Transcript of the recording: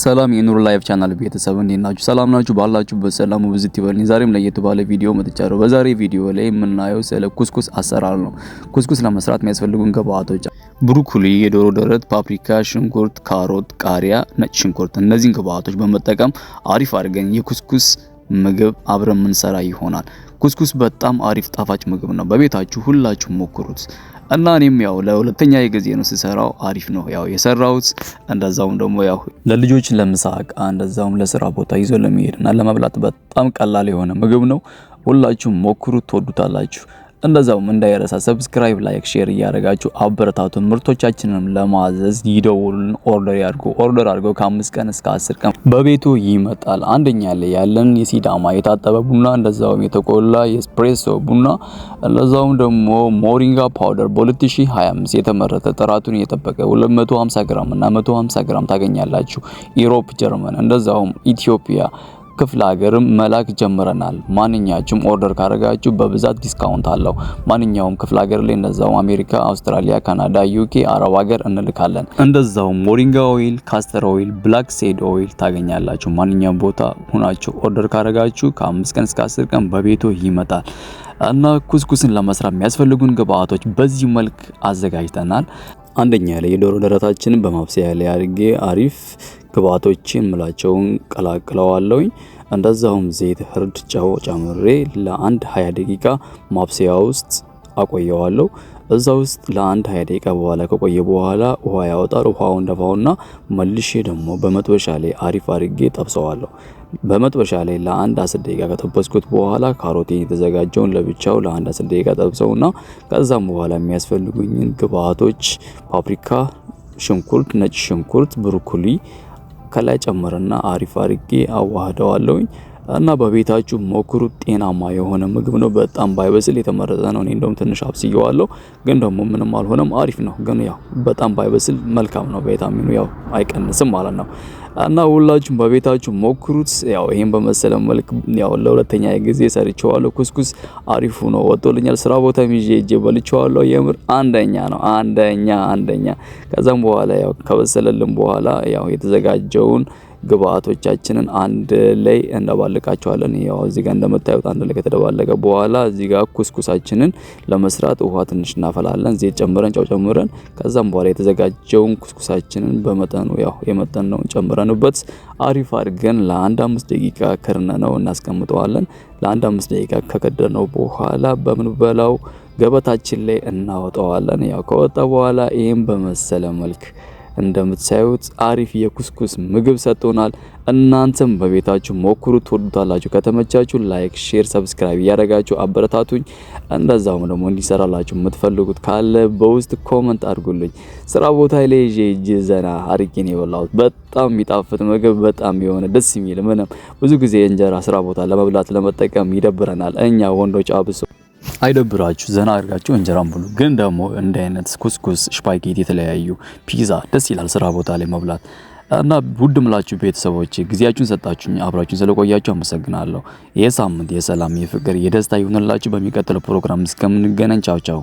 ሰላም የኑር ላይቭ ቻናል ቤተሰብ እንዴት ናችሁ? ሰላም ናችሁ? ባላችሁበት ሰላሙ ብዝት ይበልኝ። ዛሬም ለየት ባለ ቪዲዮ መጥቻለሁ። በዛሬ ቪዲዮ ላይ የምናየው ስለ ኩስኩስ አሰራር ነው። ኩስኩስ ለመስራት የሚያስፈልጉን ግብአቶች ብሩኮሊ፣ የዶሮ ደረት፣ ፓፕሪካ፣ ሽንኩርት፣ ካሮት፣ ቃሪያ፣ ነጭ ሽንኩርት። እነዚህን ግብአቶች በመጠቀም አሪፍ አድርገን የኩስኩስ ምግብ አብረን የምንሰራ ይሆናል። ኩስኩስ በጣም አሪፍ ጣፋጭ ምግብ ነው። በቤታችሁ ሁላችሁ ሞክሩት። እና እኔም ያው ለሁለተኛ ጊዜ ነው ስሰራው፣ አሪፍ ነው ያው የሰራሁት። እንደዛውም ደግሞ ያው ለልጆች ለምሳቅ እንደዛውም ለስራ ቦታ ይዞ ለመሄድ እና ለመብላት በጣም ቀላል የሆነ ምግብ ነው። ሁላችሁም ሞክሩት ትወዱታላችሁ። እንደዛውም እንዳይረሳ ሰብስክራይብ፣ ላይክ፣ ሼር እያደረጋችሁ አበረታቱን። ምርቶቻችንን ለማዘዝ ይደውሉን፣ ኦርደር ያድርጉ። ኦርደር አድርገው ከአምስት ቀን እስከ አስር ቀን በቤቱ ይመጣል። አንደኛ ላይ ያለን የሲዳማ የታጠበ ቡና፣ እንደዛውም የተቆላ የኤስፕሬሶ ቡና፣ እንደዛውም ደግሞ ሞሪንጋ ፓውደር በ2025 የተመረተ ጥራቱን የጠበቀ 250 ግራም እና 150 ግራም ታገኛላችሁ። ኢሮፕ ጀርመን፣ እንደዛውም ኢትዮጵያ ክፍለ ሀገርም መላክ ጀምረናል። ማንኛችሁም ኦርደር ካረጋችሁ በብዛት ዲስካውንት አለው። ማንኛውም ክፍለ ሀገር ላይ እንደዛው አሜሪካ፣ አውስትራሊያ፣ ካናዳ፣ ዩኬ፣ አረብ ሀገር እንልካለን። እንደዛውም ሞሪንጋ ኦይል፣ ካስተር ኦይል፣ ብላክ ሴድ ኦይል ታገኛላችሁ። ማንኛውም ቦታ ሁናችሁ ኦርደር ካረጋችሁ ከአምስት ቀን እስከ አስር ቀን በቤቶ ይመጣል። እና ኩስኩስን ለመስራት የሚያስፈልጉን ግብአቶች በዚህ መልክ አዘጋጅተናል። አንደኛ ላይ የዶሮ ደረታችንን በማብሰያ ላይ አድርጌ አሪፍ ግብአቶችን ምላቸውን ቀላቅለዋለውኝ። እንደዛውም ዘይት፣ እርድ፣ ጨው ጨምሬ ለአንድ 20 ደቂቃ ማብሰያ ውስጥ አቆየዋለሁ። እዛ ውስጥ ለአንድ ሀያ ደቂቃ በኋላ ከቆየ በኋላ ውሃ ያወጣል። ውሃው እንደፋውና መልሼ ደግሞ በመጥበሻ ላይ አሪፍ አድርጌ ጠብሰዋለሁ። በመጥበሻ ላይ ለአንድ አስር ደቂቃ ከጠበስኩት በኋላ ካሮቴን የተዘጋጀውን ለብቻው ለአንድ አስር ደቂቃ ጠብሰውና ከዛም በኋላ የሚያስፈልጉኝን ግብአቶች ፓፕሪካ፣ ሽንኩርት፣ ነጭ ሽንኩርት፣ ብሮኮሊ ከላይ ጨምርና አሪፍ አድርጌ አዋህደዋለሁኝ። እና በቤታችሁ ሞክሩ። ጤናማ የሆነ ምግብ ነው። በጣም ባይበስል የተመረጠ ነው። እኔ እንደውም ትንሽ አብስየዋለሁ፣ ግን ደግሞ ምንም አልሆነም። አሪፍ ነው፣ ግን ያው በጣም ባይበስል መልካም ነው። ቫይታሚኑ ያው አይቀንስም ማለት ነው። እና ሁላችሁም በቤታችሁ ሞክሩት። ያው ይሄን በመሰለ መልክ ያው ለሁለተኛ ጊዜ ሰርቼዋለሁ። ኩስኩስ አሪፉ ነው ወጥቶልኛል። ስራ ቦታ ይዤ እጄ በልቼዋለሁ። የምር አንደኛ ነው፣ አንደኛ አንደኛ። ከዛም በኋላ ያው ከበሰለልን በኋላ ያው የተዘጋጀውን ግብአቶቻችንን አንድ ላይ እናባልቃቸዋለን። ያው እዚህ ጋር እንደምታዩት አንድ ላይ ከተደባለቀ በኋላ እዚህ ጋር ኩስኩሳችንን ለመስራት ውሃ ትንሽ እናፈላለን። ዘይት ጨምረን ጨው ጨምረን ከዛም በኋላ የተዘጋጀውን ኩስኩሳችንን በመጠኑ ያው የመጠን ነው ጨምረንበት አሪፍ አድርገን ለአንድ አምስት ደቂቃ ክርነ ነው እናስቀምጠዋለን። ለአንድ አምስት ደቂቃ ከከደነው በኋላ በምንበላው ገበታችን ላይ እናወጣዋለን። ያው ከወጣ በኋላ ይህም በመሰለ መልክ እንደምትሳዩት አሪፍ የኩስኩስ ምግብ ሰጥቶናል። እናንተም በቤታችሁ ሞክሩ፣ ትወዱታላችሁ። ከተመቻችሁ ላይክ፣ ሼር፣ ሰብስክራይብ እያደረጋችሁ አበረታቱኝ። እንደዛውም ደግሞ እንዲሰራላችሁ የምትፈልጉት ካለ በውስጥ ኮመንት አድርጉልኝ። ስራ ቦታ ላይ ይዤ እጅ ዘና አርጌ የበላሁት። በጣም የሚጣፍጥ ምግብ፣ በጣም የሆነ ደስ የሚል ምንም ብዙ ጊዜ እንጀራ ስራ ቦታ ለመብላት ለመጠቀም ይደብረናል እኛ ወንዶች አብሶ አይደብራችሁ ዘና አድርጋችሁ እንጀራም ብሉ። ግን ደግሞ እንደ አይነት ኩስኩስ፣ ስፓጌቲ፣ የተለያዩ ፒዛ ደስ ይላል ስራ ቦታ ላይ መብላት እና ውድ ምላችሁ ቤተሰቦች ጊዜያችሁን ሰጣችሁኝ አብራችሁን ስለቆያችሁ አመሰግናለሁ። ይህ ሳምንት የሰላም የፍቅር የደስታ የሆንላችሁ በሚቀጥለው ፕሮግራም እስከምንገናኝ ቻው ቻው።